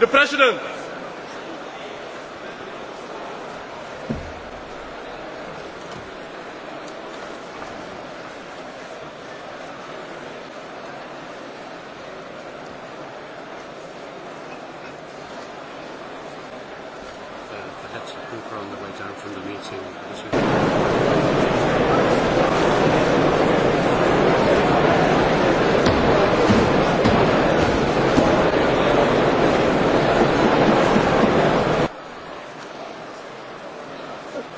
The President. Uh, perhaps people are on the way down from the meeting because we've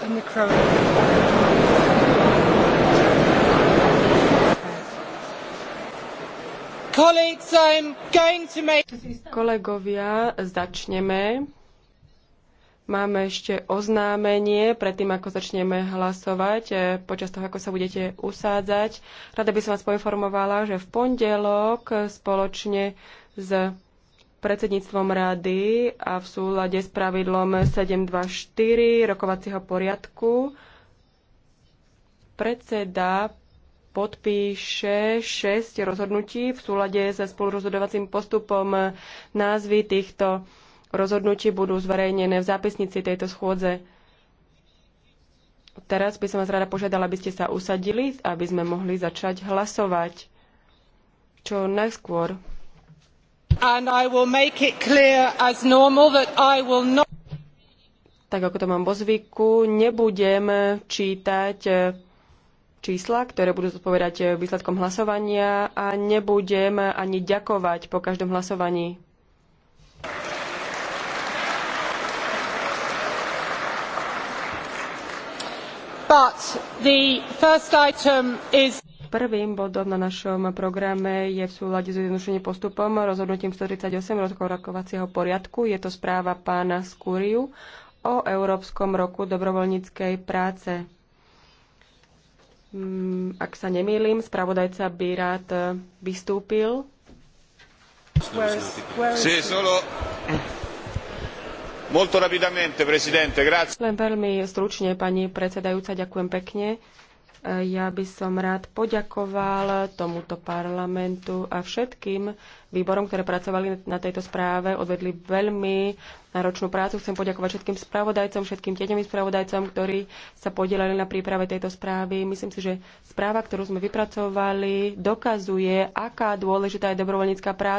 the Kolegovia, začneme. Máme ešte oznámenie, predtým ako začneme hlasovať, eh, počas toho, ako sa budete usádzať. Rada by som vás poinformovala, že v pondelok eh, spoločne s predsedníctvom rady a v súlade s pravidlom 724 rokovacieho poriadku predseda podpíše 6 rozhodnutí v súlade sa spolurozhodovacím postupom. Názvy týchto rozhodnutí budú zverejnené v zápisnici tejto schôdze. Teraz by som vás rada požiadala, aby ste sa usadili, aby sme mohli začať hlasovať čo najskôr and I will make it clear as normal that I will not tak ako to mám vo zvyku, nebudem čítať eh, čísla, ktoré budú zodpovedať eh, výsledkom hlasovania a nebudem ani ďakovať po každom hlasovaní. But the first item is Prvým bodom na našom programe je v súlade s jednodušeným postupom rozhodnutím 138 rozkorakovacieho poriadku. Je to správa pána Skúriu o Európskom roku dobrovoľníckej práce. Mm, ak sa nemýlim, spravodajca by rád vystúpil. Sí, solo... Len veľmi stručne, pani predsedajúca, ďakujem pekne. Ja by som rád poďakoval tomuto parlamentu a všetkým výborom, ktoré pracovali na tejto správe, odvedli veľmi náročnú prácu. Chcem poďakovať všetkým spravodajcom, všetkým tieňovým spravodajcom, ktorí sa podielali na príprave tejto správy. Myslím si, že správa, ktorú sme vypracovali, dokazuje, aká dôležitá je dobrovoľnícká práca